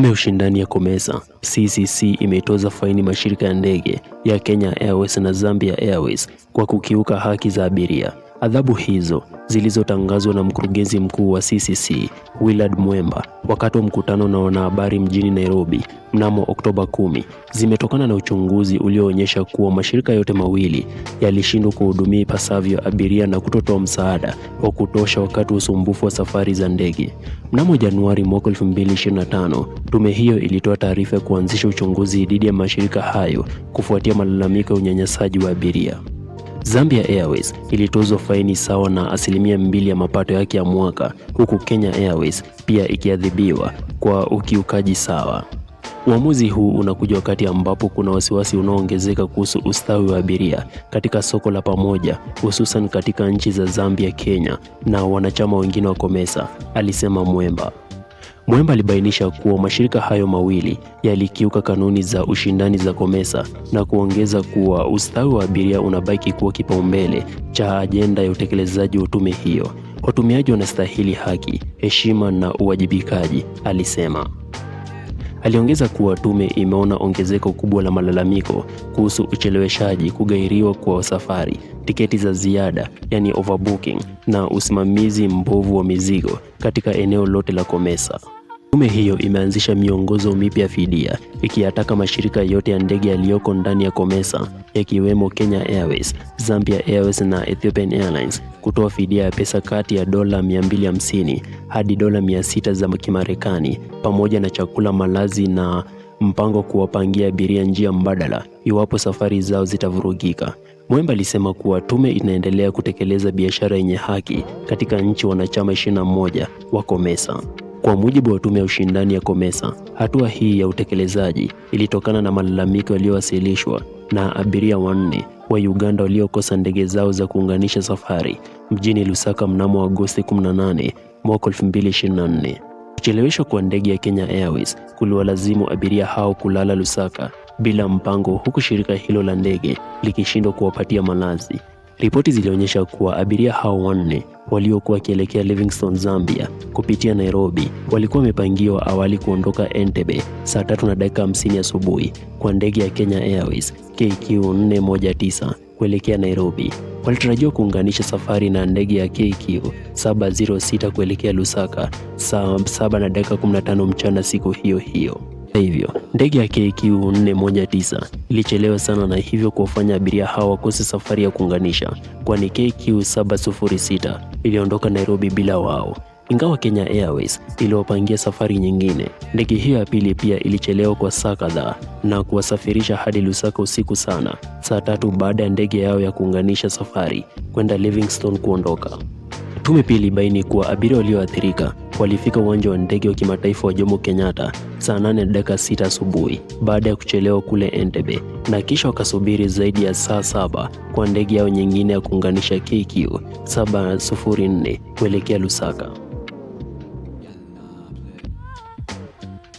Tume ya ushindani ya COMESA CCC imetoza faini mashirika ya ndege ya Kenya Airways na Zambia Airways kwa kukiuka haki za abiria. Adhabu hizo zilizotangazwa na mkurugenzi mkuu wa CCC Willard Mwemba wakati wa mkutano na wanahabari mjini Nairobi mnamo Oktoba 10 zimetokana na uchunguzi ulioonyesha kuwa mashirika yote mawili yalishindwa kuhudumia ipasavyo abiria na kutotoa msaada wa kutosha wakati wa usumbufu wa safari za ndege. Mnamo Januari mwaka 2025, tume hiyo ilitoa taarifa ya kuanzisha uchunguzi dhidi ya mashirika hayo kufuatia malalamiko ya unyanyasaji wa abiria. Zambia Airways ilitozwa faini sawa na asilimia mbili ya mapato yake ya mwaka, huku Kenya Airways pia ikiadhibiwa kwa ukiukaji sawa. Uamuzi huu unakuja wakati ambapo kuna wasiwasi unaoongezeka kuhusu ustawi wa abiria katika soko la pamoja, hususan katika nchi za Zambia, Kenya na wanachama wengine wa COMESA, alisema Mwemba. Mwemba alibainisha kuwa mashirika hayo mawili yalikiuka kanuni za ushindani za COMESA na kuongeza kuwa ustawi wa abiria unabaki kuwa kipaumbele cha ajenda ya utekelezaji wa tume hiyo. Watumiaji wanastahili haki, heshima na uwajibikaji, alisema. Aliongeza kuwa tume imeona ongezeko kubwa la malalamiko kuhusu ucheleweshaji, kugairiwa kwa safari, tiketi za ziada yani overbooking, na usimamizi mbovu wa mizigo katika eneo lote la COMESA. Tume hiyo imeanzisha miongozo mipya ya fidia, ikiyataka mashirika yote ya ndege yaliyoko ndani ya COMESA yakiwemo Kenya Airways, Zambia Airways na Ethiopian Airlines kutoa fidia ya pesa kati ya dola 250 hadi dola 600 za Kimarekani, pamoja na chakula, malazi na mpango kuwapangia abiria njia mbadala iwapo safari zao zitavurugika. Mwemba alisema kuwa tume inaendelea kutekeleza biashara yenye haki katika nchi wanachama 21 wa COMESA. Kwa mujibu wa tume ya ushindani ya COMESA, hatua hii ya utekelezaji ilitokana na malalamiko yaliyowasilishwa na abiria wanne wa Uganda waliokosa ndege zao za kuunganisha safari mjini Lusaka mnamo Agosti 18 mwaka 2024. Kucheleweshwa kwa ndege ya Kenya Airways kuliwalazimu abiria hao kulala Lusaka bila mpango, huku shirika hilo la ndege likishindwa kuwapatia malazi. Ripoti zilionyesha kuwa abiria hao wanne waliokuwa wakielekea Livingstone, Zambia kupitia Nairobi walikuwa wamepangiwa awali kuondoka Entebbe saa tatu na dakika 50 asubuhi kwa ndege ya Kenya Airways KQ 419 kuelekea Nairobi. Walitarajiwa kuunganisha safari na ndege ya KQ 706 kuelekea Lusaka saa saba na dakika 15 mchana siku hiyo hiyo. Hata hivyo ndege ya KQ 419 ilichelewa sana, na hivyo kuwafanya abiria hao wakose safari ya kuunganisha, kwani KQ 706 iliondoka Nairobi bila wao. Ingawa Kenya Airways iliwapangia safari nyingine, ndege hiyo ya pili pia ilichelewa kwa saa kadhaa na kuwasafirisha hadi Lusaka usiku sana, saa tatu baada ya ndege yao ya kuunganisha safari kwenda Livingstone kuondoka. Tume pia ilibaini kuwa abiria walioathirika walifika uwanja wa ndege wa kimataifa wa Jomo Kenyatta saa 8 dakika 6 asubuhi baada ya kuchelewa kule Entebbe, na kisha wakasubiri zaidi ya saa saba kwa ndege yao nyingine ya kuunganisha KQ 704 kuelekea Lusaka.